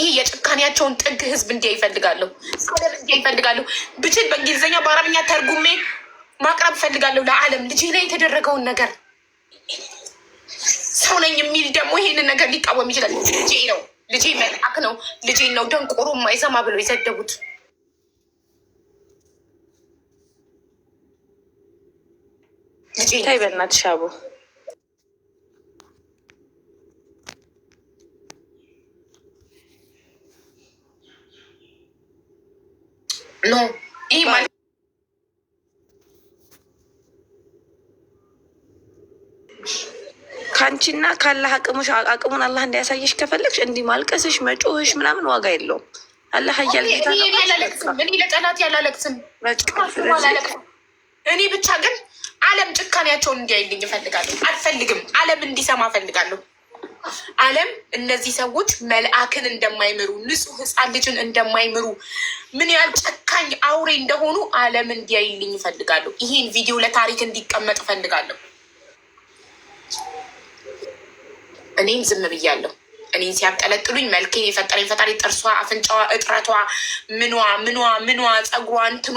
ይህ የጭካኔያቸውን ጥግ ህዝብ እንዲያ ይፈልጋለሁ፣ ዓለም እንዲያ ይፈልጋለሁ። ብችል በእንግሊዝኛ በአረብኛ ተርጉሜ ማቅረብ እፈልጋለሁ ለዓለም ልጅ ላይ የተደረገውን ነገር። ሰው ነኝ የሚል ደግሞ ይሄንን ነገር ሊቃወም ይችላል። ልጄ ነው ልጄ መልአክ ነው ልጄ ነው ደንቆሮ ማይሰማ ብለው የሰደቡት ልጄ በናትሻቡ ኖ ይህ ማለት ከአንቺና ካላህ አቅሙሽ አቅሙን አላህ እንዲያሳየሽ ከፈለግሽ እንዲህ ማልቀስሽ መጮህሽ ምናምን ዋጋ የለውም። አላህ እያለ እኔ ለጠላት ያላለቅስም እኔ ብቻ ግን ዓለም ጭካኔያቸውን እንዲያይልኝ እፈልጋለሁ። አልፈልግም ዓለም እንዲሰማ እፈልጋለሁ። ዓለም እነዚህ ሰዎች መልአክን እንደማይምሩ ንጹሕ ሕፃን ልጅን እንደማይምሩ ምን ያህል ጨካ ጨካኝ አውሬ እንደሆኑ ዓለም እንዲያይልኝ እፈልጋለሁ። ይሄን ቪዲዮ ለታሪክ እንዲቀመጥ እፈልጋለሁ። እኔም ዝም ብያለሁ። እኔን ሲያብጠለጥሉኝ መልኬን የፈጠረኝ ፈጣሪ ጥርሷ፣ አፍንጫዋ፣ እጥረቷ፣ ምኗ ምኗ ምኗ፣ ፀጉሯ፣ እንትኗ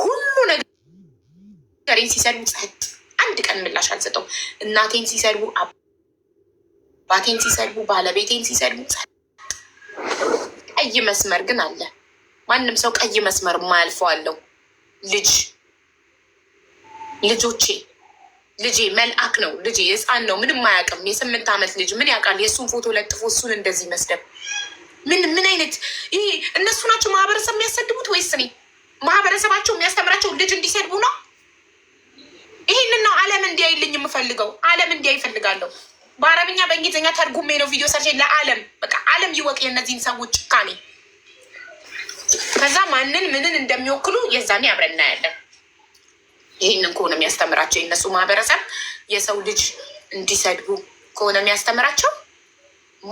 ሁሉ ነገር ሲሰሩ ጸጥ አንድ ቀን ምላሽ አልሰጠው። እናቴን ሲሰሩ፣ አባቴን ሲሰሩ፣ ባለቤቴን ሲሰሩ ቀይ መስመር ግን አለ። ማንም ሰው ቀይ መስመር የማያልፈው አለው። ልጅ ልጆቼ ልጄ መልአክ ነው። ልጄ ህፃን ነው፣ ምንም አያውቅም። የስምንት ዓመት ልጅ ምን ያውቃል? የእሱን ፎቶ ለጥፎ እሱን እንደዚህ መስደብ ምን ምን አይነት ይሄ? እነሱ ናቸው ማህበረሰብ የሚያሰድቡት ወይስ እኔ? ማህበረሰባቸው የሚያስተምራቸው ልጅ እንዲሰድቡ ነው? ይህንን ነው ዓለም እንዲያይልኝ የምፈልገው። ዓለም እንዲያይ ይፈልጋለሁ። በአረብኛ በእንግሊዝኛ ተርጉሜ ነው ቪዲዮ ሰርቼ ለዓለም በቃ ዓለም ይወቅ የእነዚህን ሰዎች ጭካኔ ከዛ ማንን ምንን እንደሚወክሉ የዛኔ አብረን እናያለን። ይህንን ከሆነ የሚያስተምራቸው የነሱ ማህበረሰብ የሰው ልጅ እንዲሰድቡ ከሆነ የሚያስተምራቸው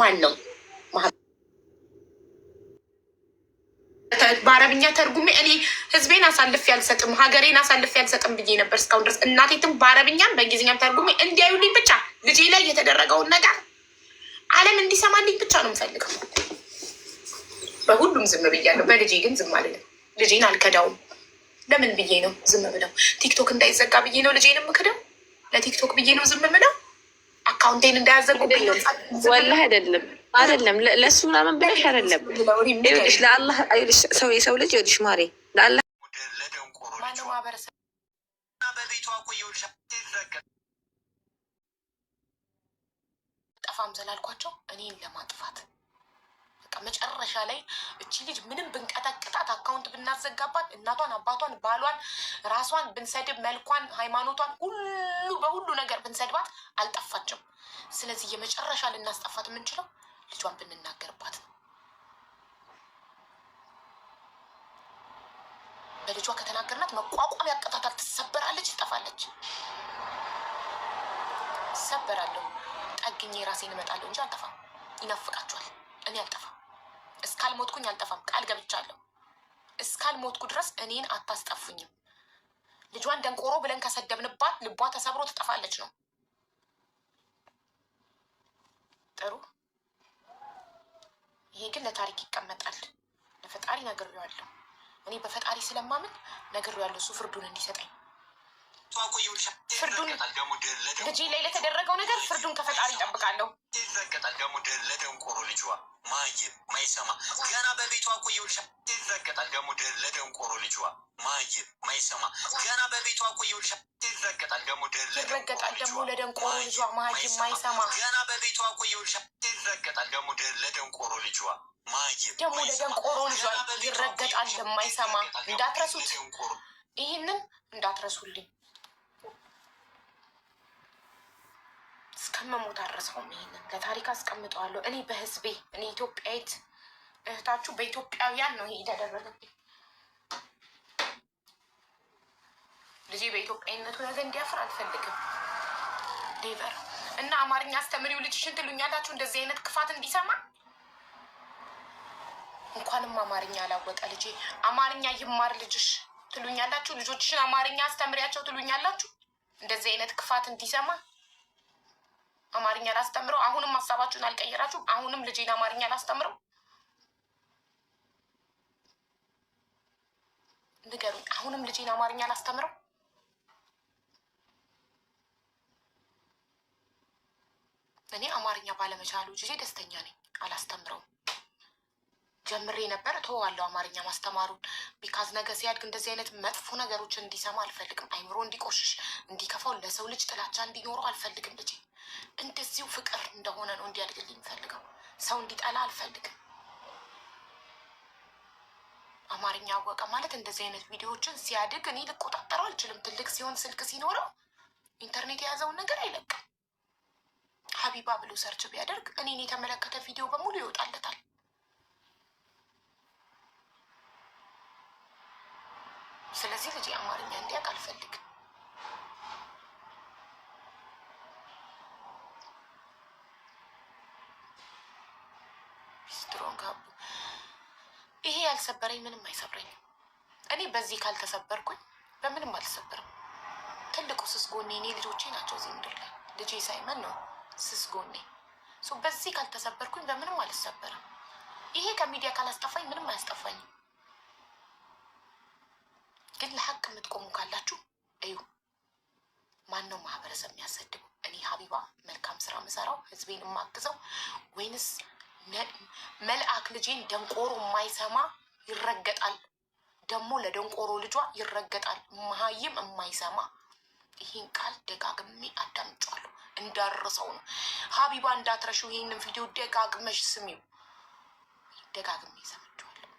ማን ነው? በአረብኛ ተርጉሜ እኔ ህዝቤን አሳልፌ አልሰጥም፣ ሀገሬን አሳልፌ አልሰጥም ብዬ ነበር እስካሁን ድረስ እናቴትም በአረብኛም በእንግሊዝኛም ተርጉሜ እንዲያዩልኝ ብቻ ልጄ ላይ የተደረገውን ነገር ዓለም እንዲሰማልኝ ብቻ ነው የምፈልገው። በሁሉም ዝም ብያለሁ። በልጄ ግን ዝም አልልም። ልጄን አልከዳውም። ለምን ብዬ ነው ዝም ብለው? ቲክቶክ እንዳይዘጋ ብዬ ነው ልጄንም ክደው? ለቲክቶክ ብዬ ነው ዝም ብለው? አካውንቴን እንዳያዘጉብኝ ነው? ወላሂ አይደለም አይደለም ለእሱ ምናምን ብለሽ አይደለም። ይኸውልሽ ለአላህ ሰው የሰው ልጅ ይኸውልሽ ማሬ ለአላህ ጠፋም ስላልኳቸው እኔን ለማጥፋት በቃ መጨረሻ ላይ እቺ ልጅ ምንም ብንቀጠቅጣት አካውንት ብናዘጋባት እናቷን፣ አባቷን፣ ባሏን፣ ራሷን ብንሰድብ መልኳን፣ ሃይማኖቷን ሁሉ በሁሉ ነገር ብንሰድባት አልጠፋችም። ስለዚህ የመጨረሻ ልናስጠፋት የምንችለው ልጇን ብንናገርባት ነው። በልጇ ከተናገርናት መቋቋም ያቀጣታል። ትሰበራለች፣ ትጠፋለች። ሰበራለሁ ጠግኜ ራሴን እመጣለሁ እንጂ አልጠፋም። ይናፍቃችኋል። እኔ አልጠፋም። እስካልሞትኩኝ አልጠፋም፣ ቃል ገብቻለሁ። እስካልሞትኩ ድረስ እኔን አታስጠፉኝም። ልጇን ደንቆሮ ብለን ከሰደብንባት ልቧ ተሰብሮ ትጠፋለች ነው። ጥሩ። ይሄ ግን ለታሪክ ይቀመጣል። ለፈጣሪ ነግሬዋለሁ። እኔ በፈጣሪ ስለማምን ነግሬዋለሁ፣ እሱ ፍርዱን እንዲሰጠኝ ፍርዱን ልጄ ላይ ለተደረገው ነገር ፍርዱን ከፈጣሪ ይጠብቃለሁ። ይረገጣል ደግሞ ለደንቆሮ ልጇ ማይም ማይሰማ ገና በቤቷ እኮ ይረገጣል ደግሞ ለደንቆሮ ማይሰማ ገና በቤቷ እኮ ይረገጣል ደግሞ ይረገጣል ደግሞ ለደንቆሮ ማይሰማ ገና በቤቷ እኮ ይረገጣል ደግሞ ለደንቆሮ ደግሞ ለደንቆሮ ይረገጣል እንዳትረሱት፣ እንዳትረሱልኝ። ከመሞት አረሰውም። ይሄንን ለታሪክ አስቀምጠዋለሁ። እኔ በህዝቤ እኔ ኢትዮጵያዊት እህታችሁ በኢትዮጵያውያን ነው ይሄ የተደረገብኝ። ልጄ በኢትዮጵያዊነቱ ነገ እንዲያፍር አልፈልግም። ሌቨር እና አማርኛ አስተምሪው ልጅሽን ትሉኛላችሁ። እንደዚህ አይነት ክፋት እንዲሰማ እንኳንም አማርኛ አላወቀ ልጄ አማርኛ ይማር ልጅሽ ትሉኛላችሁ። ልጆችሽን አማርኛ አስተምሪያቸው ትሉኛላችሁ። እንደዚህ አይነት ክፋት እንዲሰማ አማርኛ ላስተምረው? አሁንም ሀሳባችሁን አልቀየራችሁም? አሁንም ልጄን አማርኛ ላስተምረው? ንገሩኝ። አሁንም ልጄን አማርኛ ላስተምረው? እኔ አማርኛ ባለመቻሉ ጊዜ ደስተኛ ነኝ። አላስተምረውም። ጀምሬ ነበር እተወዋለሁ አማርኛ ማስተማሩን። ቢካዝ ነገ ሲያድግ እንደዚህ አይነት መጥፎ ነገሮችን እንዲሰማ አልፈልግም። አይምሮ እንዲቆሽሽ፣ እንዲከፋው፣ ለሰው ልጅ ጥላቻ እንዲኖረው አልፈልግም ልጄ እንደዚሁ ፍቅር እንደሆነ ነው እንዲያድግልኝ የምፈልገው። ሰው እንዲጠላ አልፈልግም። አማርኛ አወቀ ማለት እንደዚህ አይነት ቪዲዮዎችን ሲያድግ እኔ ልቆጣጠረው አልችልም። ትልቅ ሲሆን ስልክ ሲኖረው ኢንተርኔት የያዘውን ነገር አይለቅም። ሀቢባ ብሎ ሰርች ቢያደርግ እኔን የተመለከተ ቪዲዮ በሙሉ ይወጣለታል። ስለዚህ ልጅ አማርኛ እንዲያውቅ አልፈልግም። ዛሬ ምንም አይሰብረኝም። እኔ በዚህ ካልተሰበርኩኝ በምንም አልሰብርም። ትልቁ ስስ ጎኔ እኔ ልጆቼ ናቸው። እዚህ ምድር ላይ ልጄ ሳይመን ነው ስስ ጎኔ። በዚህ ካልተሰበርኩኝ በምንም አልሰበርም። ይሄ ከሚዲያ ካላስጠፋኝ ምንም አያስጠፋኝም። ግን ለሀቅ የምትቆሙ ካላችሁ እዩ። ማን ነው ማህበረሰብ የሚያሰድቡ? እኔ ሀቢባ መልካም ስራ ምሰራው ህዝቤን የማግዘው ወይንስ መልአክ ልጄን ደንቆሮ የማይሰማ ይረገጣል። ደግሞ ለደንቆሮ ልጇ ይረገጣል። መሀይም የማይሰማ ይህን ቃል ደጋግሜ አዳምጫለሁ። እንዳረሰው ነው። ሀቢባ እንዳትረሺው፣ ይህንን ቪዲዮ ደጋግመሽ ስሚው። ደጋግሜ ሰምቼዋለሁ።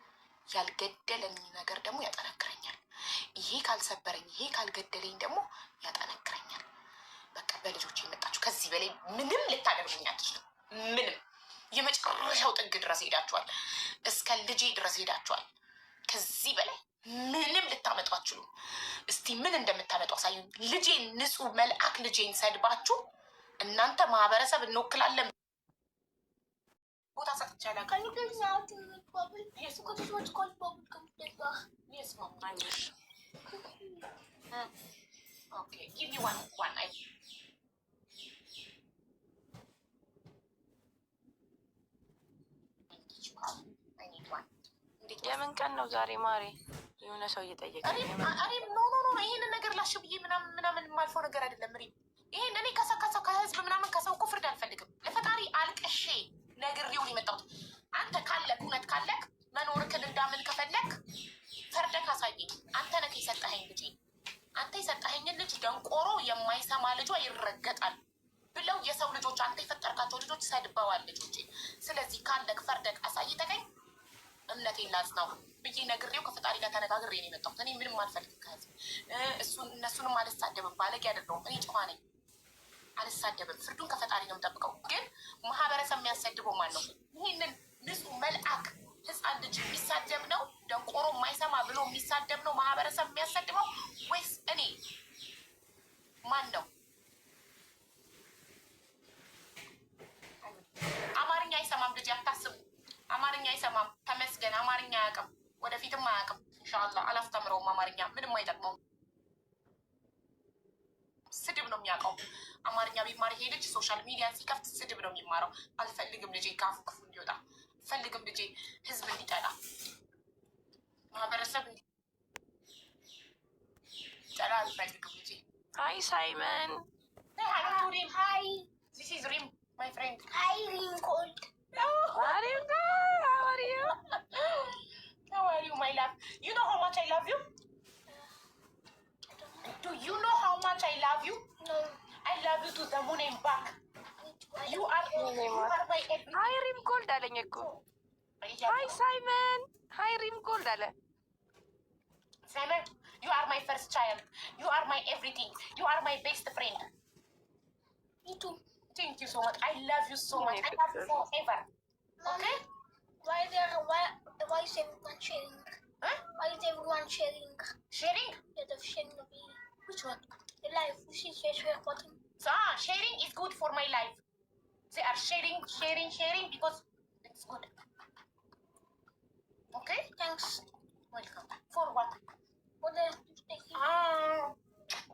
ያልገደለኝ ነገር ደግሞ ያጠነክረኛል። ይሄ ካልሰበረኝ፣ ይሄ ካልገደለኝ ደግሞ ያጠነክረኛል። በቃ በልጆች የመጣችሁ ከዚህ በላይ ምንም ልታደርጉኝ አትችልም። ምንም የመጨረሻው ጥግ ድረስ ሄዳችኋል። እስከ ልጄ ድረስ ሄዳችኋል። ከዚህ በላይ ምንም ልታመጡ አትችሉም። እስቲ ምን እንደምታመጡ አሳዩ። ልጄን ንጹህ መልአክ ልጄን ሰድባችሁ እናንተ ማህበረሰብ እንወክላለን ቦታ የምን ቀን ነው ዛሬ? ማሬ የሆነ ሰው እየጠየቀ ኖ ኖ ኖ ይሄን ነገር ላሽ ብዬ ምናምን ምናምን የማልፈው ነገር አይደለም። ሪ ይሄን እኔ ከሰው ከሰው ከህዝብ ምናምን ከሰው እኮ ፍርድ አልፈልግም። ለፈጣሪ አልቅሼ ነግሬው የመጣሁት አንተ ካለክ እውነት ካለክ መኖርክን እንዳምን ከፈለክ ፈርደክ አሳየኝ። አንተ ነህ የሰጠኸኝ ልጅ አንተ የሰጠኸኝን ልጅ ደንቆሮ የማይሰማ ልጇ ይረገጣል ብለው የሰው ልጆች አንተ የፈጠርካቸው ልጆች ሰድበዋል ልጆች። ስለዚህ ካለክ ፈርደክ አሳይ ተገኝ እምነቴን ላጽናው ብዬ ነግሬው ከፈጣሪ ጋር ተነጋግሬ ነው የመጣሁት። እኔ ምንም አልፈልግም ከህዝብ እሱን እነሱንም አልሳደብም፣ ባለጌ አይደለሁም። እኔ ጨዋ ነኝ፣ አልሳደብም። ፍርዱን ከፈጣሪ ነው የምጠብቀው። ግን ማህበረሰብ የሚያሳድበው ማን ነው? ይህንን ንጹህ መልአክ ህፃን ልጅ የሚሳደብ ነው ደንቆሮ የማይሰማ ብሎ የሚሳደብ ነው ማህበረሰብ የሚያሳድበው ወይስ እኔ? ማን ነው? አማርኛ አይሰማም ልጅ አታስቡ አማርኛ አይሰማም። ተመስገን አማርኛ አያውቅም፣ ወደፊትም አያውቅም። እንሻላ አላስተምረውም። አማርኛ ምንም አይጠቅመውም። ስድብ ነው የሚያውቀው። አማርኛ ቢማር ይሄ ልጅ ሶሻል ሚዲያ ሲከፍት ስድብ ነው የሚማረው። አልፈልግም ልጄ ካፉ ክፉ እንዲወጣ አልፈልግም ልጄ ህዝብ እንዲጠላ ማህበረሰብ እንዲጠላ አልፈልግም ልጄ። ሀይ ሳይመን ሀይ ሪም ሀይ ሪም ማይ ፍሬንድ ሀይ ሪም ኮልድ How are you, girl? How are you? How are you, my love? You know how much I love you? Do you know how much I love you? No. I love you to the moon and back. You are, you are my everything. Hi, Rim Gold አለኝ oh. Hi, Simon. Hi, Rim Gold Simon, you are my first child. You are my everything. You are my best friend. Me too. Thank you so much. I love you so much. I love you forever. okay? Why there? Why why is everyone sharing? Huh? Why is everyone sharing? Sharing? Instead of sharing the video. Which one? The life. This is just share button. So, ah, sharing is good for my life. They are sharing, sharing, sharing because it's good. Okay? Thanks. Welcome. For what? For the. Ah.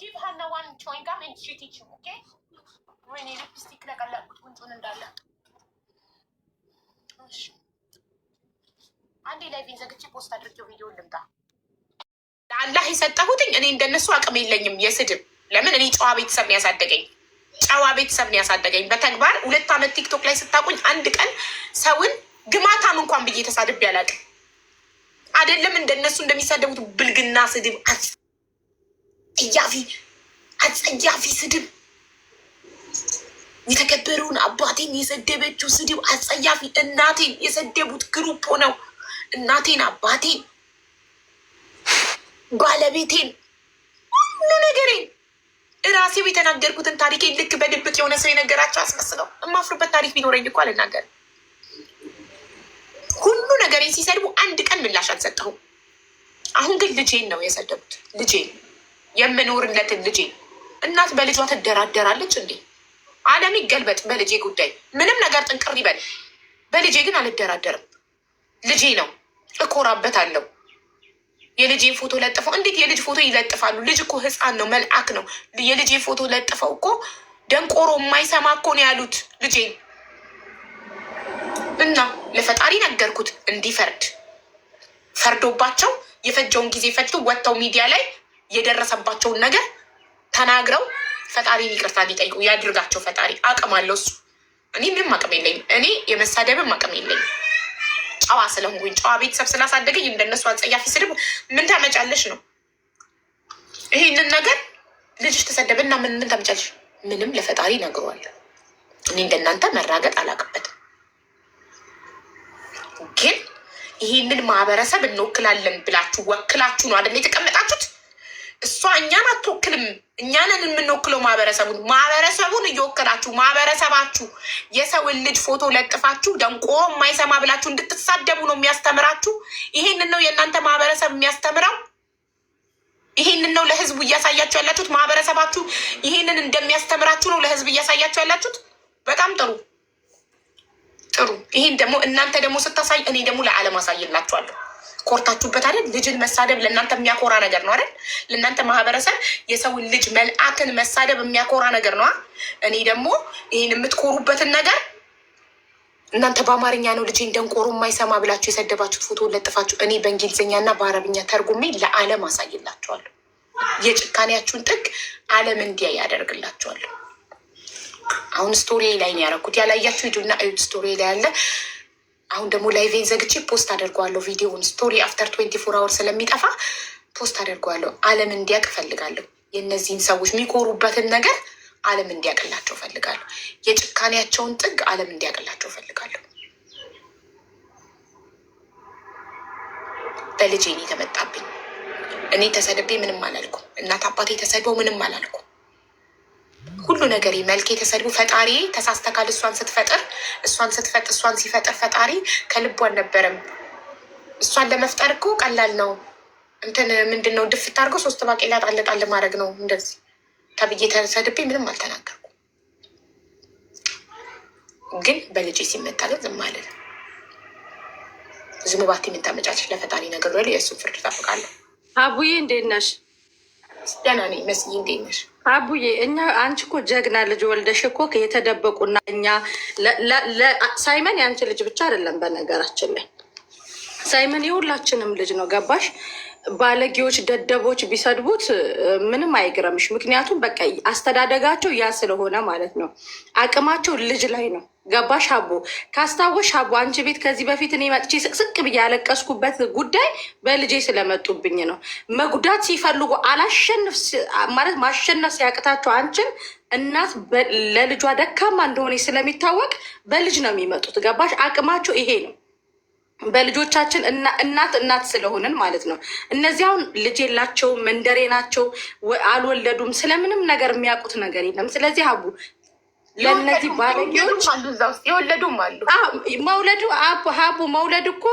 ጊቭ ሀና ዋን ቾይን ኤንድ ሺ ቲች ኦኬ። ወይኔ ሊፕስቲክ ለቀለቁት ጉንጩን እንዳለ። አንዴ ላይቬን ዘግቼ ፖስት አድርጌው ቪዲዮ ልምጣ። ለአላህ የሰጠሁትኝ እኔ እንደነሱ አቅም የለኝም የስድብ ለምን እኔ ጨዋ ቤተሰብ ነው ያሳደገኝ። ጨዋ ቤተሰብ ነው ያሳደገኝ። በተግባር ሁለት ዓመት ቲክቶክ ላይ ስታቁኝ አንድ ቀን ሰውን ግማታም እንኳን ብዬ ተሳድቤ አላውቅም። አይደለም እንደነሱ እንደሚሳደቡት ብልግና ስድብ ጥያፊ አጸያፊ ስድብ የተከበረውን አባቴን የሰደበችው ስድብ አጸያፊ። እናቴን የሰደቡት ግሩፕ ሆነው እናቴን፣ አባቴን፣ ባለቤቴን፣ ሁሉ ነገሬን እራሴው የተናገርኩትን ታሪኬን ልክ በድብቅ የሆነ ሰው የነገራቸው አስመስለው እማፍርበት ታሪክ ቢኖረኝ እኮ አልናገር። ሁሉ ነገሬን ሲሰድቡ አንድ ቀን ምላሽ አልሰጠሁም። አሁን ግን ልጄን ነው የሰደቡት ልጄን የምኖርለትን ልጄ እናት በልጇ ትደራደራለች እንዴ? ዓለም ይገልበጥ በልጄ ጉዳይ ምንም ነገር ጥንቅር ይበል። በልጄ ግን አልደራደርም። ልጄ ነው፣ እኮራበታለሁ። የልጄን ፎቶ ለጥፈው እንዴት የልጅ ፎቶ ይለጥፋሉ? ልጅ እኮ ሕፃን ነው፣ መልአክ ነው። የልጄ ፎቶ ለጥፈው እኮ ደንቆሮ የማይሰማ እኮ ነው ያሉት ልጄ እና ለፈጣሪ ነገርኩት እንዲፈርድ ፈርዶባቸው የፈጀውን ጊዜ ፈጅቶ ወጥተው ሚዲያ ላይ የደረሰባቸውን ነገር ተናግረው ፈጣሪ ይቅርታ ሊጠይቁ ያድርጋቸው። ፈጣሪ አቅም አለው እሱ። እኔ ምንም አቅም የለኝም። እኔ የመሳደብም አቅም የለኝም። ጨዋ ስለሆንኩኝ ጨዋ ቤተሰብ ስላሳደገኝ እንደነሱ አጸያፊ ስድብ ምን ታመጫለሽ ነው። ይህንን ነገር ልጅሽ ተሰደበና ምን ምን ታመጫለሽ? ምንም ለፈጣሪ ነግሯል። እኔ እንደናንተ መራገጥ አላቅበትም። ግን ይህንን ማህበረሰብ እንወክላለን ብላችሁ ወክላችሁ ነው አደ የተቀመጠ እሷ እኛን አትወክልም። እኛንን የምንወክለው ማህበረሰቡን። ማህበረሰቡን እየወከላችሁ ማህበረሰባችሁ የሰውን ልጅ ፎቶ ለጥፋችሁ ደንቆ የማይሰማ ብላችሁ እንድትሳደቡ ነው የሚያስተምራችሁ። ይሄንን ነው የእናንተ ማህበረሰብ የሚያስተምረው። ይሄንን ነው ለህዝቡ እያሳያችሁ ያላችሁት። ማህበረሰባችሁ ይሄንን እንደሚያስተምራችሁ ነው ለህዝብ እያሳያችሁ ያላችሁት። በጣም ጥሩ ጥሩ። ይሄን ደግሞ እናንተ ደግሞ ስታሳይ እኔ ደግሞ ለዓለም አሳይላችኋለሁ። ኮርታችሁበት አይደል? ልጅን መሳደብ ለእናንተ የሚያኮራ ነገር ነው አይደል? ለእናንተ ማህበረሰብ የሰውን ልጅ መልአክን መሳደብ የሚያኮራ ነገር ነው። እኔ ደግሞ ይህን የምትኮሩበትን ነገር እናንተ በአማርኛ ነው ልጄን ደንቆሮ የማይሰማ ብላችሁ የሰደባችሁት ፎቶ ለጥፋችሁ፣ እኔ በእንግሊዝኛ እና በአረብኛ ተርጉሜ ለዓለም አሳይላችኋለሁ። የጭካኔያችሁን ጥግ ዓለም እንዲያ ያደርግላችኋለሁ። አሁን ስቶሪ ላይ ነው ያደረኩት። ያላያችሁ ሂዱና እዩት። ስቶሪ ላይ ያለ አሁን ደግሞ ላይቬን ዘግቼ ፖስት አደርገዋለሁ። ቪዲዮውን ስቶሪ አፍተር ትዌንቲ ፎር አወር ስለሚጠፋ ፖስት አደርገዋለሁ። አለም እንዲያውቅ እፈልጋለሁ። የእነዚህን ሰዎች የሚኮሩበትን ነገር አለም እንዲያውቅላቸው እፈልጋለሁ። የጭካኔያቸውን ጥግ አለም እንዲያውቅላቸው እፈልጋለሁ። በልጄ ነው የተመጣብኝ። እኔ ተሰድቤ ምንም አላልኩም። እናት አባቴ ተሰድበው ምንም አላልኩም። ሁሉ ነገር መልክ የተሰድቡ ፈጣሪ ተሳስተካል። እሷን ስትፈጥር እሷን ስትፈጥ እሷን ሲፈጥር ፈጣሪ ከልቡ አልነበረም። እሷን ለመፍጠር እኮ ቀላል ነው። እንትን ምንድን ነው ድፍት አድርገው ሶስት ባቄላ ጣል ጣል ማድረግ ነው። እንደዚህ ተብዬ ተሰድቤ ምንም አልተናገርኩ፣ ግን በልጄ ሲመጣ ግን ዝም አልል። ዝም የምታመጫች ለፈጣሪ ነገር ሉ የእሱን ፍርድ ጠብቃለሁ። አቡዬ እንዴት ነሽ? ደህና ነኝ መስዬ፣ እንዴት ነሽ አቡዬ? እኛ አንቺ እኮ ጀግና ልጅ ወልደሽ እኮ የተደበቁና እኛ ሳይመን የአንቺ ልጅ ብቻ አይደለም በነገራችን ላይ ሳይመን የሁላችንም ልጅ ነው። ገባሽ? ባለጌዎች፣ ደደቦች ቢሰድቡት ምንም አይግረምሽ። ምክንያቱም በቃ አስተዳደጋቸው ያ ስለሆነ ማለት ነው። አቅማቸው ልጅ ላይ ነው። ገባሽ? አቦ ካስታወሽ፣ አቦ አንቺ ቤት ከዚህ በፊት እኔ መጥቼ ስቅስቅ ብዬ ያለቀስኩበት ጉዳይ በልጄ ስለመጡብኝ ነው። መጉዳት ሲፈልጉ አላሸንፍ ማለት ማሸነፍ ሲያቅታቸው አንቺን እናት ለልጇ ደካማ እንደሆነ ስለሚታወቅ በልጅ ነው የሚመጡት። ገባሽ? አቅማቸው ይሄ ነው። በልጆቻችን እናት እናት ስለሆንን ማለት ነው። እነዚያውን ልጅ የላቸውም፣ መንደሬ ናቸው፣ አልወለዱም፣ ስለምንም ነገር የሚያውቁት ነገር የለም። ስለዚህ አቡ ለእነዚህ ባለጌዎች አሉ፣ እዛ ውስጥ የወለዱም አሉ። መውለዱ ሀቡ መውለድ እኮ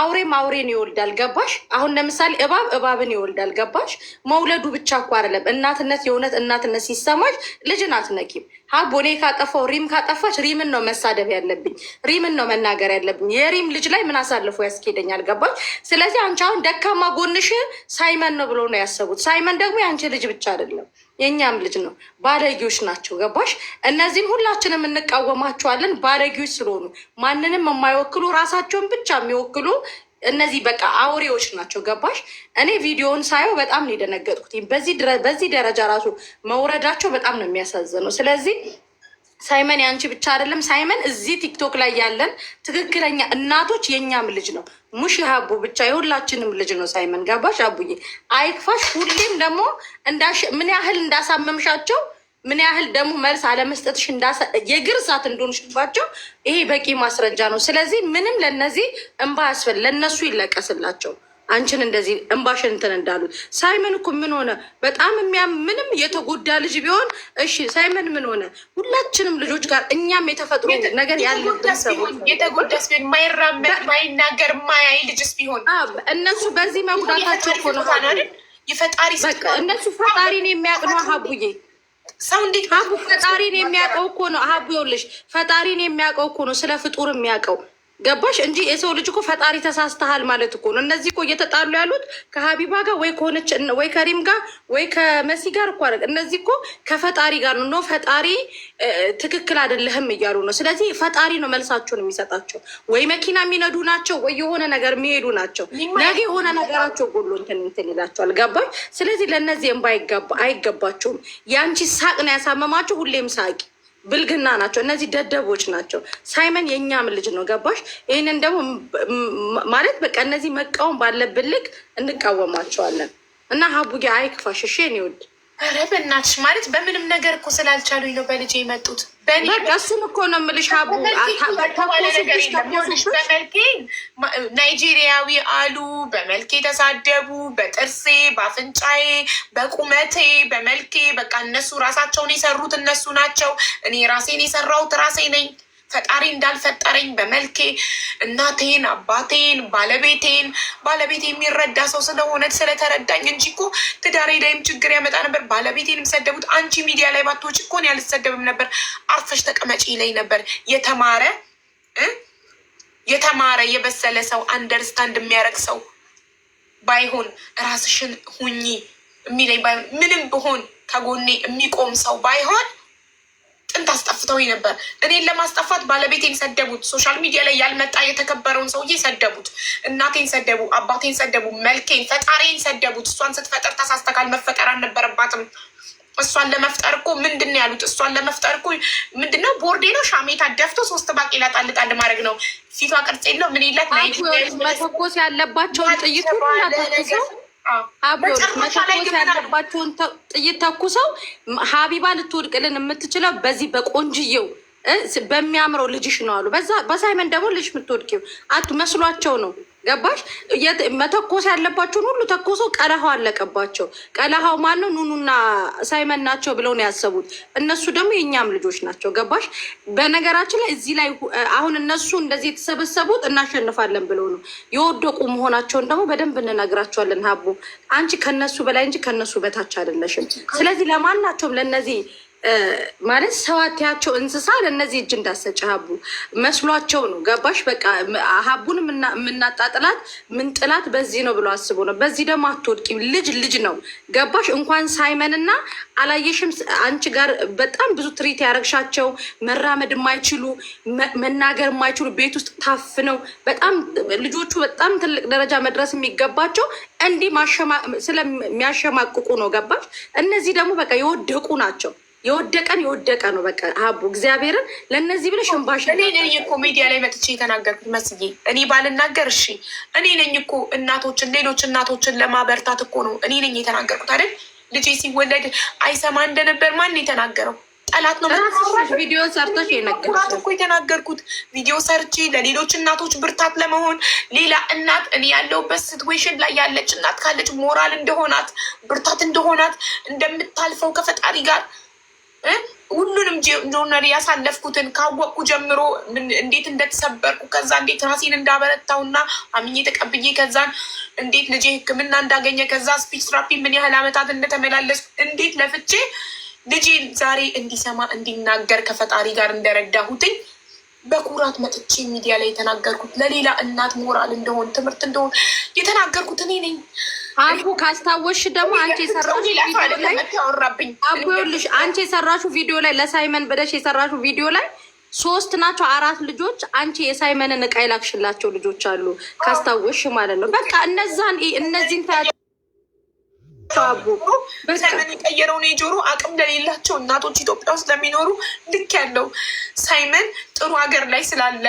አውሬም አውሬን ይወልዳል። ገባሽ? አሁን ለምሳሌ እባብ እባብን ይወልዳል። ገባሽ? መውለዱ ብቻ እኮ አይደለም። እናትነት የእውነት እናትነት ሲሰማሽ ልጅን አትነቂም። ሀቡ እኔ ካጠፋው ሪም ካጠፋች ሪምን ነው መሳደብ ያለብኝ፣ ሪምን ነው መናገር ያለብኝ። የሪም ልጅ ላይ ምን አሳልፎ ያስኬደኛል? ገባሽ? ስለዚህ አንቺ አሁን ደካማ ጎንሽ ሳይመን ነው ብሎ ነው ያሰቡት። ሳይመን ደግሞ የአንቺ ልጅ ብቻ አይደለም የእኛም ልጅ ነው። ባለጌዎች ናቸው። ገባሽ? እነዚህም ሁላችንም እንቃወማቸዋለን ባለጌዎች ስለሆኑ ማንንም የማይወክሉ ራሳቸውን ብቻ የሚወክሉ እነዚህ በቃ አውሬዎች ናቸው። ገባሽ? እኔ ቪዲዮውን ሳየው በጣም ነው የደነገጥኩት። በዚህ ደረጃ ራሱ መውረዳቸው በጣም ነው የሚያሳዝነው። ስለዚህ ሳይመን ያንቺ ብቻ አይደለም። ሳይመን እዚህ ቲክቶክ ላይ ያለን ትክክለኛ እናቶች የእኛም ልጅ ነው። ሙሽ የሀቡ ብቻ የሁላችንም ልጅ ነው። ሳይመን ገባሽ? አቡዬ አይክፋሽ። ሁሌም ደግሞ ምን ያህል እንዳሳመምሻቸው ምን ያህል ደግሞ መልስ አለመስጠትሽ የግር እሳት እንደሆንሽባቸው ይሄ በቂ ማስረጃ ነው። ስለዚህ ምንም ለነዚህ እንባ ያስፈል ለእነሱ ይለቀስላቸው። አንቺን እንደዚህ እምባሽን እንትን እንዳሉት ሳይመን እኮ ምን ሆነ? በጣም የሚያም ምንም የተጎዳ ልጅ ቢሆን እሺ፣ ሳይመን ምን ሆነ? ሁላችንም ልጆች ጋር እኛም የተፈጥሮ ነገር ያለንየተጎዳስ ቢሆን ማይራመድ ማይናገር ማያይ ልጅስ ቢሆን እነሱ በዚህ መጉዳታቸው እኮ የፈጣሪ እነሱ ፈጣሪን የሚያውቅ ነው ሀቡዬ ሰው እንዴት ፈጣሪን የሚያውቀው እኮ ነው ሀቡ ይኸውልሽ፣ ፈጣሪን የሚያውቀው እኮ ነው ስለ ፍጡር የሚያውቀው ገባሽ እንጂ የሰው ልጅ እኮ ፈጣሪ ተሳስተሃል ማለት እኮ ነው። እነዚህ እኮ እየተጣሉ ያሉት ከሀቢባ ጋር ወይ ከሆነች ወይ ከሪም ጋር ወይ ከመሲ ጋር እኮ እነዚህ እኮ ከፈጣሪ ጋር ነው። ፈጣሪ ትክክል አይደለህም እያሉ ነው። ስለዚህ ፈጣሪ ነው መልሳቸውን የሚሰጣቸው። ወይ መኪና የሚነዱ ናቸው፣ ወይ የሆነ ነገር የሚሄዱ ናቸው። ነገ የሆነ ነገራቸው ጎሎ እንትን እንትን ይላቸዋል። ገባሽ? ስለዚህ ለእነዚህ እንባ አይገባቸውም። የአንቺ ሳቅ ነው ያሳመማቸው። ሁሌም ሳቂ ብልግና ናቸው። እነዚህ ደደቦች ናቸው። ሳይመን የእኛም ልጅ ነው። ገባሽ? ይህንን ደግሞ ማለት በቃ እነዚህ መቃወም ባለብን ልክ እንቃወማቸዋለን። እና ሀቡጌ አይክፋሽ፣ እሺ እኔ ውድ ኧረ በእናትሽ ማለት በምንም ነገር እኮ ስላልቻሉኝ ነው በልጄ የመጡት። እሱን እኮ ነው የምልሽ በመልኬ ናይጄሪያዊ አሉ፣ በመልኬ ተሳደቡ፣ በጥርሴ፣ በአፍንጫዬ፣ በቁመቴ፣ በመልኬ በቃ እነሱ ራሳቸውን የሰሩት እነሱ ናቸው። እኔ ራሴን የሰራሁት ራሴ ነኝ። ፈጣሪ እንዳልፈጠረኝ በመልኬ እናቴን፣ አባቴን፣ ባለቤቴን ባለቤቴ የሚረዳ ሰው ስለሆነ ስለተረዳኝ እንጂ እኮ ትዳሬ ላይም ችግር ያመጣ ነበር። ባለቤቴን የምሰደቡት አንቺ ሚዲያ ላይ ባትወጪ እኮ እኔ አልሰደብም ነበር። አርፈሽ ተቀመጪ ላይ ነበር የተማረ የተማረ የበሰለ ሰው አንደርስታንድ የሚያደርግ ሰው ባይሆን ራስሽን ሁኚ የሚለኝ ባይሆን ምንም ብሆን ከጎኔ የሚቆም ሰው ባይሆን ጥንት አስጠፍተው ነበር። እኔን ለማስጠፋት ባለቤቴን ሰደቡት። ሶሻል ሚዲያ ላይ ያልመጣ የተከበረውን ሰውዬ ሰደቡት። እናቴን ሰደቡ፣ አባቴን ሰደቡ፣ መልኬን፣ ፈጣሪን ሰደቡት። እሷን ስትፈጠር ተሳስተካል፣ መፈጠር አልነበረባትም። እሷን ለመፍጠር እኮ ምንድን ነው ያሉት? እሷን ለመፍጠር እኮ ምንድን ነው ቦርዴ ነው ሻሜታ ደፍቶ ሶስት ባቄላ ጣል ማድረግ ነው። ፊቷ ቅርጽ የለው ምን የላት መተኮስ ያለባቸውን ጥይቱ ጥይት መተኮስ ያለባቸውን ጥይት ተኩሰው ሀቢባ ልትወድቅልን የምትችለው በዚህ በቆንጅዬው በሚያምረው ልጅሽ ነው አሉ። በሳይመን ደግሞ ልጅ የምትወድቂው አቱ መስሏቸው ነው። ገባሽ? መተኮስ ያለባቸውን ሁሉ ተኮሶ ቀለሃው አለቀባቸው። ቀለሃው ማነው? ኑኑና ሳይመን ናቸው ብለው ነው ያሰቡት። እነሱ ደግሞ የእኛም ልጆች ናቸው። ገባሽ? በነገራችን ላይ እዚህ ላይ አሁን እነሱ እንደዚህ የተሰበሰቡት እናሸንፋለን ብለው ነው። የወደቁ መሆናቸውን ደግሞ በደንብ እንነግራቸዋለን። ሀቡ አንቺ ከነሱ በላይ እንጂ ከነሱ በታች አይደለሽም። ስለዚህ ለማናቸውም ለነዚህ ማለት ሰው አትያቸው እንስሳ ለእነዚህ እጅ እንዳሰጭ ሀቡ መስሏቸው ነው። ገባሽ? በቃ ሀቡን የምናጣጥላት ምን ጥላት በዚህ ነው ብሎ አስቦ ነው። በዚህ ደግሞ አትወድቂም። ልጅ ልጅ ነው። ገባሽ? እንኳን ሳይመንና አላየሽም። አንቺ ጋር በጣም ብዙ ትሪት ያረግሻቸው መራመድ የማይችሉ መናገር የማይችሉ ቤት ውስጥ ታፍነው በጣም ልጆቹ በጣም ትልቅ ደረጃ መድረስ የሚገባቸው እንዲህ ስለሚያሸማቅቁ ነው። ገባሽ? እነዚህ ደግሞ በቃ የወደቁ ናቸው። የወደቀን የወደቀ ነው። በቃ ሀቡ እግዚአብሔርን ለእነዚህ ብለሽ እንባሽ እኔ ነኝ እኮ ሚዲያ ላይ መጥቼ የተናገርኩት መስዬ እኔ ባልናገር እሺ፣ እኔ ነኝ እኮ እናቶችን ሌሎች እናቶችን ለማበርታት እኮ ነው እኔ ነኝ የተናገርኩት አይደል? ልጄ ሲወለድ አይሰማ እንደነበር ማን የተናገረው? ጠላት ነው። ቪዲዮ ሰርተሽ የነገርኩት እኮ የተናገርኩት ቪዲዮ ሰርቼ ለሌሎች እናቶች ብርታት ለመሆን ሌላ እናት እኔ ያለሁበት ሲትዌሽን ላይ ያለች እናት ካለች ሞራል እንደሆናት ብርታት እንደሆናት እንደምታልፈው ከፈጣሪ ጋር ሁሉንም ጆነር ያሳለፍኩትን ካወቅኩ ጀምሮ እንዴት እንደተሰበርኩ ከዛ እንዴት ራሴን እና አምኜ ተቀብዬ ከዛን እንዴት ልጄ ሕክምና እንዳገኘ ከዛ ስፒች ትራፒ ምን ያህል ዓመታት እንደተመላለስኩ እንዴት ለፍቼ ልጄ ዛሬ እንዲሰማ እንዲናገር ከፈጣሪ ጋር እንደረዳሁትኝ በኩራት መጥቼ ሚዲያ ላይ የተናገርኩት ለሌላ እናት ሞራል እንደሆን ትምህርት እንደሆን የተናገርኩት እኔ ነኝ። አቡ ካስታወሽ ደግሞ አንቺ የሰራሽ አንቺ የሰራሹ ቪዲዮ ላይ ለሳይመን ብለሽ የሰራሹ ቪዲዮ ላይ ሶስት ናቸው አራት ልጆች አንቺ የሳይመንን እቃ የላክሽላቸው ልጆች አሉ ካስታወሽ ማለት ነው። በቃ እነዛን እነዚህን ታ ተዋጉ። ሳይመን የቀየረውን የጆሮ አቅም ለሌላቸው እናቶች ኢትዮጵያ ውስጥ ለሚኖሩ ልክ ያለው ሳይመን ጥሩ ሀገር ላይ ስላለ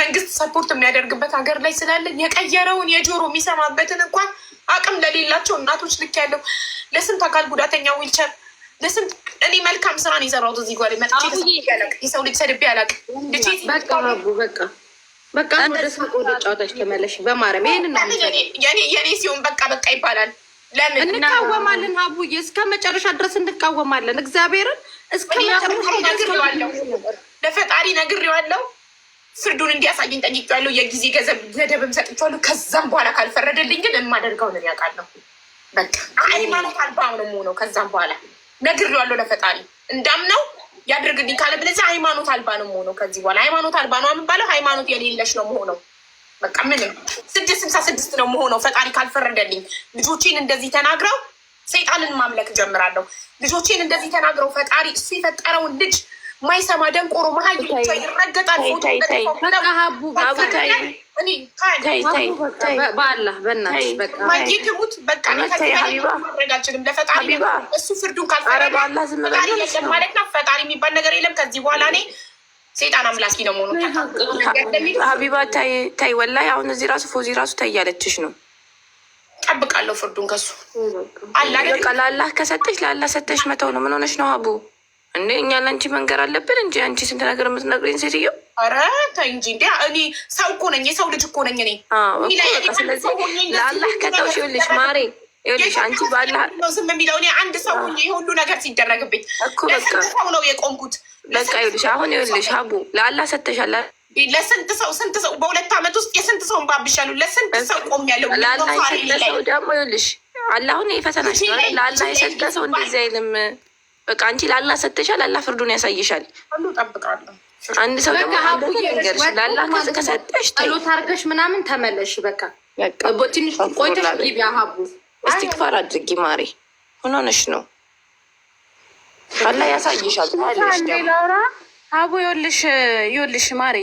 መንግስት ሰፖርት የሚያደርግበት ሀገር ላይ ስላለ የቀየረውን የጆሮ የሚሰማበትን እንኳን አቅም ለሌላቸው እናቶች ልክ ያለው ለስንት አካል ጉዳተኛ ዊልቸር ለስንት እኔ መልካም ስራን የሰራሁት እዚህ ጓል መጥቼ የሰው ልጅ ሰድቤ አላውቅም። በቃ በቃ ወደ ተመለሽ። በማረም ይህንን ነው የኔ ሲሆን በቃ በቃ ይባላል። እንቃወማለን አቡዬ፣ እስከ መጨረሻ ድረስ እንቃወማለን። እግዚአብሔርን እስከ ለፈጣሪ ነግሬዋለሁ። ፍርዱን እንዲያሳየኝ ጠይቄዋለሁ። የጊዜ ገደብም ሰጥቼዋለሁ። ከዛም በኋላ ካልፈረደልኝ ግን የማደርገው ነው ያውቃለሁ። በቃ ሃይማኖት አልባ ነው የምሆነው። ከዛም በኋላ ነግሬዋለሁ ለፈጣሪ እንዳምነው ያድርግልኝ ካለ ብለዚህ ሃይማኖት አልባ ነው የምሆነው። ከዚህ በኋላ ሃይማኖት አልባ ነው የምባለው። ሃይማኖት የሌለሽ ነው የምሆነው። በቃ ምንም ስድስት ስልሳ ስድስት ነው መሆነው ፈጣሪ ካልፈረደልኝ ልጆቼን እንደዚህ ተናግረው ሰይጣንን ማምለክ ጀምራለሁ። ልጆቼን እንደዚህ ተናግረው ፈጣሪ እሱ የፈጠረውን ልጅ ማይሰማ ደንቆሮ መሀይ ይረገጣል። በቃ ማድረግ ለፈጣሪ እሱ ፍርዱን ካልፈረደ ማለት ፈጣሪ የሚባል ነገር የለም ከዚህ በኋላ እኔ ሴጣን አምላኪ ነው መሆኑ ሀቢባ ታይ ወላሂ አሁን እዚህ ራሱ ፎዚ ራሱ ታይ ነው። ጠብቃለሁ ፍርዱን ከሱ ለአላህ ከሰጠሽ ለአላህ ሰጠሽ መተው ነው። ምን ሆነሽ ነው ሀቡ እንዴ? እኛ ለአንቺ መንገር አለብን እንጂ አንቺ ስንት ነገር የምትነግረኝ ሴትዮ። ኧረ ተይ እንጂ እንዲ እኔ ሰው እኮ ነኝ፣ የሰው ልጅ እኮ ነኝ እኔ። ስለዚህ ለአላህ ከተውሽ ይኸውልሽ ማሬ ይኸውልሽ አንቺ ነው ስም የሚለው እኔ አንድ ሰው ሁሉ ነገር ሲደረግብኝ በቃ ሰው ነው የቆምኩት? በቃ ይኸውልሽ አሁን ይኸውልሽ ሀቡ ለአላህ ሰተሻለ ለስንት ሰው ስንት ሰው በሁለት ዓመት ውስጥ የስንት ሰውን ባብሻሉ ለስንት ሰው ቆም ያለው ለአላህ የሰጠ ሰው ደግሞ ይኸውልሽ አላሁን የፈተናሽ ለአላህ የሰጠ ሰው እንደዚህ አይልም። በቃ አንቺ ለአላህ ሰተሻል። አላህ ፍርዱን ያሳይሻል። ሁሉ ጠብቃለሁ አንድ ሰው ደግሞ ንገርሽ ላላ ከሰጠሽ ጥሎ ታርገሽ ምናምን ተመለሽ። በቃ ትንሽ ቆይተሽ ቢቢያ ሀቡ እስቲክፋር አድርጊ ማሬ። ምን ሆነሽ ነው? አላ ያሳይሻል። አቦ ይኸውልሽ፣ ይኸውልሽ ማሬ፣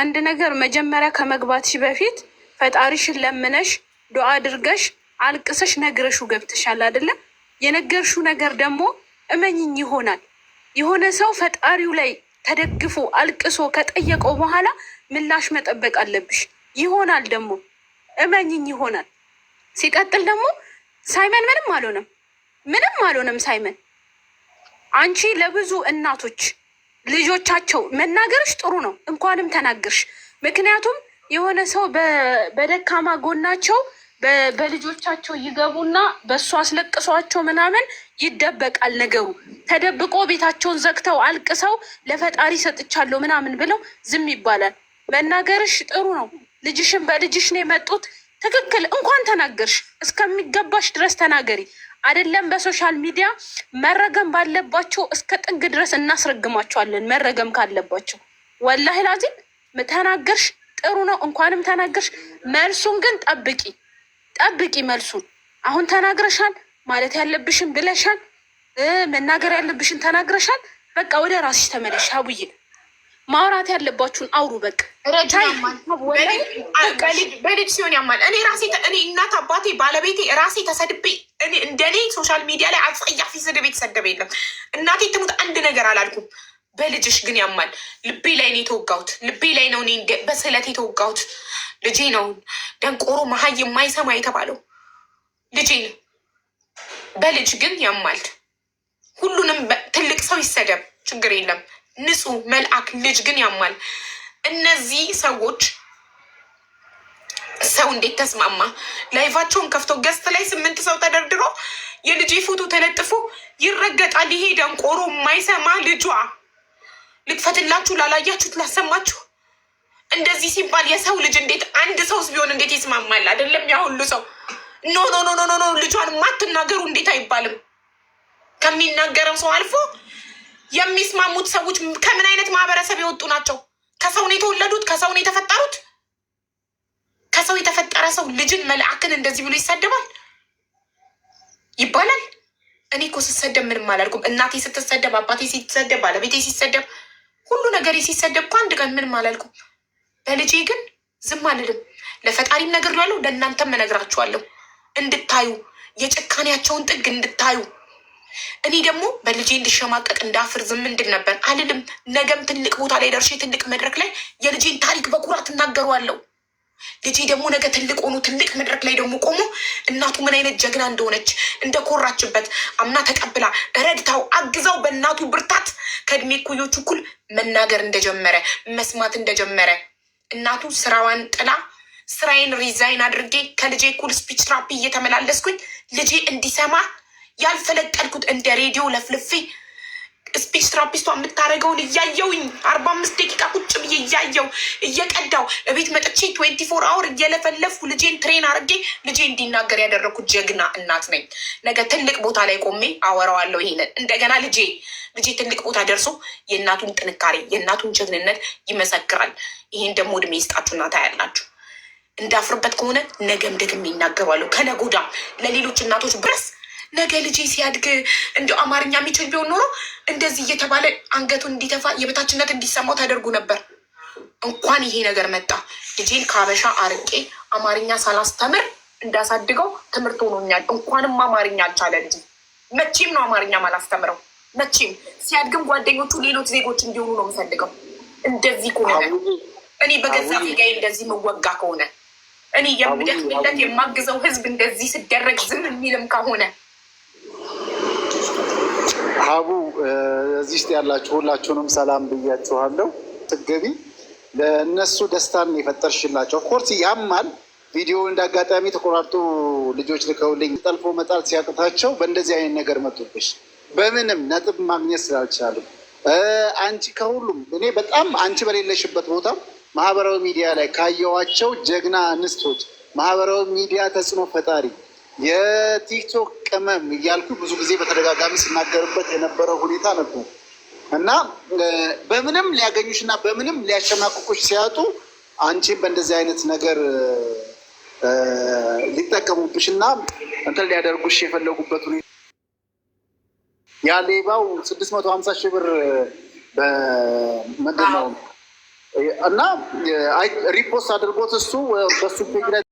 አንድ ነገር መጀመሪያ ከመግባትሽ በፊት ፈጣሪሽን ለምነሽ ዱዓ አድርገሽ አልቅሰሽ ነግረሹ ገብተሻል አይደለ? የነገርሹ ነገር ደግሞ እመኝኝ ይሆናል። የሆነ ሰው ፈጣሪው ላይ ተደግፎ አልቅሶ ከጠየቀው በኋላ ምላሽ መጠበቅ አለብሽ። ይሆናል ደግሞ እመኝኝ ይሆናል። ሲቀጥል ደግሞ ሳይመን ምንም አልሆነም፣ ምንም አልሆነም ሳይመን። አንቺ ለብዙ እናቶች ልጆቻቸው መናገርሽ ጥሩ ነው፣ እንኳንም ተናግርሽ። ምክንያቱም የሆነ ሰው በደካማ ጎናቸው በልጆቻቸው ይገቡና በእሱ አስለቅሷቸው ምናምን ይደበቃል ነገሩ። ተደብቆ ቤታቸውን ዘግተው አልቅሰው ለፈጣሪ ሰጥቻለሁ ምናምን ብለው ዝም ይባላል። መናገርሽ ጥሩ ነው። ልጅሽን በልጅሽ ነው የመጡት ትክክል እንኳን ተናገርሽ፣ እስከሚገባሽ ድረስ ተናገሪ። አይደለም በሶሻል ሚዲያ መረገም ባለባቸው እስከ ጥግ ድረስ እናስረግማቸዋለን። መረገም ካለባቸው ወላሂ ላዚም ተናገርሽ፣ ጥሩ ነው። እንኳንም ተናገርሽ። መልሱን ግን ጠብቂ፣ ጠብቂ መልሱን። አሁን ተናግረሻል፣ ማለት ያለብሽን ብለሻል፣ መናገር ያለብሽን ተናግረሻል። በቃ ወደ ራስሽ ተመለሽ አቡዬ። ማውራት ያለባችሁን አውሩ። በቃ በልጅ ሲሆን ያማል። እኔ ራሴ እኔ እናት አባቴ ባለቤቴ ራሴ ተሰድቤ እንደኔ ሶሻል ሚዲያ ላይ አጸያፊ ስድብ የተሰደበ የለም። እናቴ ትሙት አንድ ነገር አላልኩም። በልጅሽ ግን ያማል። ልቤ ላይ ነው የተወጋሁት። ልቤ ላይ ነው እኔ በስለት የተወጋሁት። ልጄ ነው ደንቆሮ መሀይ የማይሰማ የተባለው ልጄ ነው። በልጅ ግን ያማል። ሁሉንም ትልቅ ሰው ይሰደብ ችግር የለም። ንጹህ መልአክ ልጅ ግን ያማል። እነዚህ ሰዎች ሰው እንዴት ተስማማ? ላይቫቸውን ከፍቶ ገስት ላይ ስምንት ሰው ተደርድሮ የልጅ ፎቶ ተለጥፎ ይረገጣል። ይሄ ደንቆሮ የማይሰማ ልጇ ልክፈትላችሁ፣ ላላያችሁት ላሰማችሁ። እንደዚህ ሲባል የሰው ልጅ እንዴት አንድ ሰውስ ቢሆን እንዴት ይስማማል? አይደለም ያ ሁሉ ሰው ኖ ኖ ኖ ኖ ኖ ልጇን ማትናገሩ እንዴት አይባልም? ከሚናገረው ሰው አልፎ የሚስማሙት ሰዎች ከምን አይነት ማህበረሰብ የወጡ ናቸው? ከሰው ነው የተወለዱት? ከሰው ነው የተፈጠሩት? ከሰው የተፈጠረ ሰው ልጅን መልአክን እንደዚህ ብሎ ይሰደባል ይባላል። እኔ እኮ ስሰደብ ምንም አላልኩም። እናቴ ስትሰደብ፣ አባቴ ሲሰደብ፣ ባለቤቴ ሲሰደብ፣ ሁሉ ነገሬ ሲሰደብ እኮ አንድ ቀን ምንም አላልኩም። በልጄ ግን ዝም አልልም። ለፈጣሪም ነግሬዋለሁ፣ ለእናንተም እነግራችኋለሁ እንድታዩ የጭካኔያቸውን ጥግ እንድታዩ እኔ ደግሞ በልጄ እንድሸማቀቅ እንዳፍር ዝም እንድል ነበር አልልም። ነገም ትልቅ ቦታ ላይ ደርሼ ትልቅ መድረክ ላይ የልጄን ታሪክ በኩራት እናገረዋለሁ። ልጄ ደግሞ ነገ ትልቅ ሆኖ ትልቅ መድረክ ላይ ደግሞ ቆሞ እናቱ ምን አይነት ጀግና እንደሆነች እንደኮራችበት አምና ተቀብላ ረድታው አግዛው በእናቱ ብርታት ከእድሜ እኩዮቹ እኩል መናገር እንደጀመረ መስማት እንደጀመረ እናቱ ስራዋን ጥላ ስራዬን ሪዛይን አድርጌ ከልጄ እኩል ስፒች ትራፒ እየተመላለስኩኝ ልጄ እንዲሰማ ያልፈለቀልኩት እንደ ሬዲዮ ለፍልፌ ስፔስ ትራፒስቷ የምታደርገውን እያየውኝ አርባ አምስት ደቂቃ ቁጭ ብዬ እያየው እየቀዳው እቤት መጥቼ ትዌንቲ ፎር አወር እየለፈለፍኩ ልጄን ትሬን አድርጌ ልጄ እንዲናገር ያደረግኩት ጀግና እናት ነኝ። ነገ ትልቅ ቦታ ላይ ቆሜ አወራዋለሁ። ይሄንን እንደገና ልጄ ልጄ ትልቅ ቦታ ደርሶ የእናቱን ጥንካሬ የእናቱን ጀግንነት ይመሰክራል። ይሄን ደግሞ እድሜ ይስጣችሁና ታያላችሁ። እንዳፍርበት ከሆነ ነገም ደግሜ ይናገራሉ ከነጎዳ ለሌሎች እናቶች ብረስ ነገ ልጄ ሲያድግ እንዲ አማርኛ የሚችል ቢሆን ኖሮ እንደዚህ እየተባለ አንገቱን እንዲተፋ የበታችነት እንዲሰማው ታደርጉ ነበር። እንኳን ይሄ ነገር መጣ። ልጄን ከአበሻ አርቄ አማርኛ ሳላስተምር እንዳሳድገው ትምህርት ሆኖኛል። እንኳንም አማርኛ አልቻለ ልጅ። መቼም ነው አማርኛ ማላስተምረው። መቼም ሲያድግም ጓደኞቹ ሌሎች ዜጎች እንዲሆኑ ነው የምፈልገው። እንደዚህ ከሆነ እኔ በገዛ ዜጋዬ እንደዚህ መወጋ ከሆነ እኔ የምደክምለት የማግዘው ህዝብ እንደዚህ ስደረግ ዝም የሚልም ከሆነ ሀቡ እዚህ ውስጥ ያላችሁ ሁላችሁንም ሰላም ብያችኋለሁ። ትገቢ ለእነሱ ደስታን የፈጠርሽላቸው ኮርስ ያማል። ቪዲዮ እንዳጋጣሚ ተቆራርጦ ልጆች ልከውልኝ ጠልፎ መጣል ሲያቅታቸው በእንደዚህ አይነት ነገር መጡብሽ። በምንም ነጥብ ማግኘት ስላልቻሉ አንቺ ከሁሉም እኔ በጣም አንቺ በሌለሽበት ቦታ ማህበራዊ ሚዲያ ላይ ካየዋቸው ጀግና እንስቶች ማህበራዊ ሚዲያ ተጽዕኖ ፈጣሪ የቲክቶክ ቅመም እያልኩ ብዙ ጊዜ በተደጋጋሚ ሲናገርበት የነበረ ሁኔታ ነበር እና በምንም ሊያገኙሽ እና በምንም ሊያሸማቅቁሽ ሲያጡ አንቺን በእንደዚህ አይነት ነገር ሊጠቀሙብሽ እና እንትን ሊያደርጉሽ የፈለጉበት ሁኔታ ያ ሌባው ስድስት መቶ ሀምሳ ሺህ ብር በምንድን ነው እና ሪፖስት አድርጎት እሱ በሱ ፔጅ ላይ